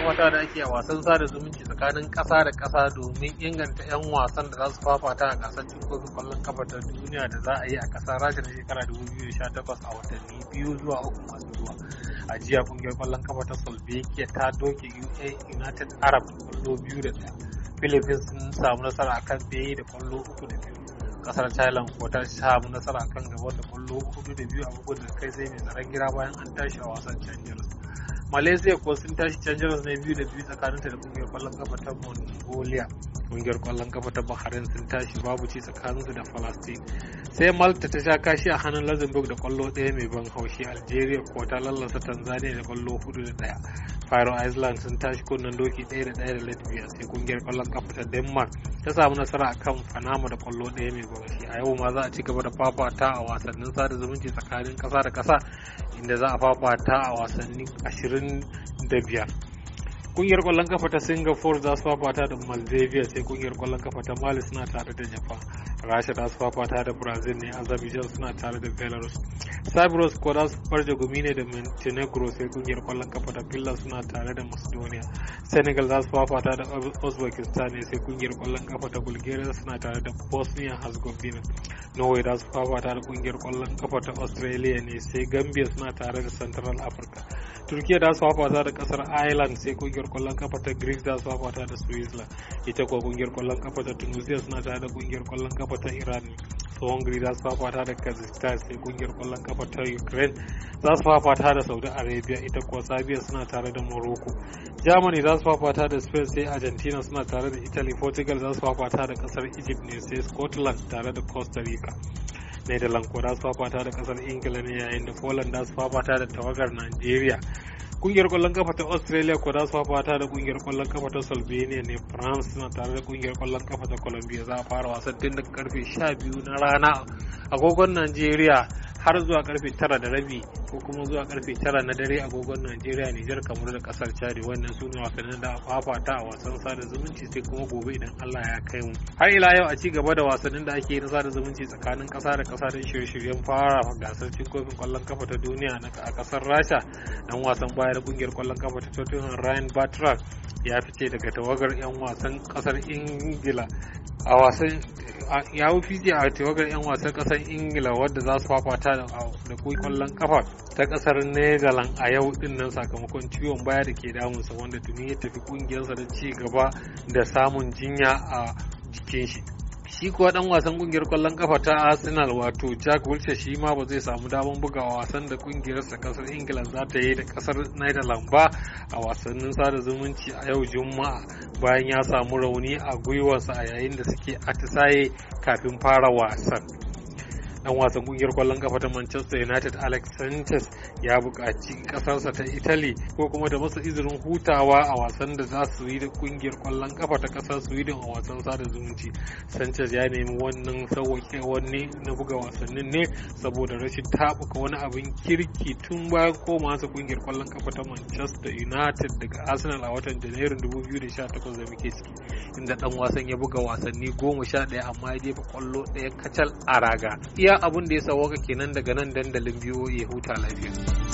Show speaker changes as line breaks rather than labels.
fafata da ake a wasan sada zumunci tsakanin ƙasa da ƙasa domin inganta 'yan wasan da za su fafata a gasar jikokin kwallon kafa ta duniya da za a yi a ƙasar rasha na shekara 2018 a watanni biyu zuwa uku masu zuwa a jiya kungiyar kwallon kafa ta slovakia ta doke united arab kwallo biyu da ɗaya philippines sun samu nasara a kan beyi da kwallo uku da biyu kasar thailand ko ta samu nasara a kan gabar da kwallo hudu da biyu a bugun da kai sai mai tsaron gida bayan an tashi a wasan changers malaysia kuwa sun tashi canjar na ne biyu da biyu tsakaninta da kungiyar kwallon kafa ta mongolia kungiyar kwallon kafa ta bahrain sun tashi babu ci tsakaninsu da palestine sai malta ta sha kashi a hannun luxembourg da kwallo ɗaya mai ban haushi algeria ko ta lallasa tanzania da kwallo hudu da daya faro island sun tashi kunnen doki ɗaya da ɗaya da latvia sai kungiyar kwallon kafa ta denmark ta samu nasara a kan panama da kwallo ɗaya mai ban haushi a yau ma za a ci gaba da fafata a wasannin sada zumunci tsakanin kasa da kasa. inda za a fafata a wasanni biyar. kungiyar kwallon kafa ta singapore za su fafata da maldivia sai kungiyar kwallon kafa ta mali suna tare da japan rasha za su fafata da brazil ne azerbaijan suna tare da belarus cyprus kuwa za su farje gumi ne da montenegro sai kungiyar kwallon kafa ta finland suna tare da macedonia senegal za su fafata da uzbekistan ne sai kungiyar kwallon kafa ta bulgaria suna tare da bosnia herzegovina norway za su fafata da kungiyar kwallon kafa ta australia ne sai gambia suna tare da central africa turkiya da su fafata da kasar ireland sai kungiyar kwallon kafa ta greece da su fafata da switzerland ita kuwa kungiyar kwallon kafa ta tunisia suna tare da kungiyar kwallon kafa ta iran su hungary za su fafata da kazakhstan sai kungiyar kwallon kafa ta ukraine za su fafata da saudi arabia ita kuwa sabia suna tare da morocco germany za su fafata da spain sai argentina suna tare da italy portugal za su fafata da kasar egypt ne sai scotland tare da costa rica netherlands kuwa da su fafata da kasar ingila ne yayin da poland da su fafata da tawagar nigeria kungiyar kwallon kafa ta australia ko da su fafata da kungiyar kwallon kafa ta slovenia ne france na tare da kungiyar kwallon kafa ta colombia za a fara wasan tun daga karfe 12 na rana agogon nigeria har zuwa karfe 9 da rabi ko kuma zuwa karfe tara na dare agogon Najeriya Nijar kamar da kasar Chari wannan sune ne wasannin da ta a wasan sada zumunci sai kuma gobe idan Allah ya kai mu har ila yau a ci gaba da wasannin da ake yi na sada zumunci tsakanin kasa da kasa don shirye-shiryen fara gasar cin kofin kwallon kafa ta duniya a kasar Rasha dan wasan bayar kungiyar kwallon kafa ta Tottenham Ryan Bartra ya fice daga tawagar 'yan wasan kasar Ingila a wasan ya fifi a tawagar 'yan wasan kasar ingila wadda za su fafata da kwallon kafa ta kasar netherland a yau din nan sakamakon ciwon baya da ke damunsa wanda tuni ya tafi kungiyarsa da ci gaba da samun jinya a jikin shi shi kuwa dan wasan kungiyar kwallon kafa ta arsenal wato jack wilshere shi ma ba zai samu damar bugawa wasan da kungiyarsa kasar england za ta yi da kasar netherlands ba a wasannin sada zumunci a yau juma'a bayan ya samu rauni a gwiwarsa a yayin da suke atisaye kafin fara wasan dan wasan kungiyar kwallon kafa ta Manchester United Alex Sanchez ya buƙaci ƙasarsa ta Italy ko kuma da masa izinin hutawa a wasan da za su yi da kungiyar kwallon kafa ta ƙasar Sweden a wasan sada zumunci. Sanchez ya nemi wannan sauwaƙe wani na buga wasannin ne saboda rashin tabuka wani abin kirki tun bayan sa kungiyar kwallon kafa ta Manchester United daga Arsenal a watan Janairun 2018 da muke ciki inda dan wasan ya buga wasanni goma sha ɗaya amma ya jefa kwallo ɗaya kacal a raga. iya abun da ya sawo kenan daga nan dandalin biyu ya huta lafiya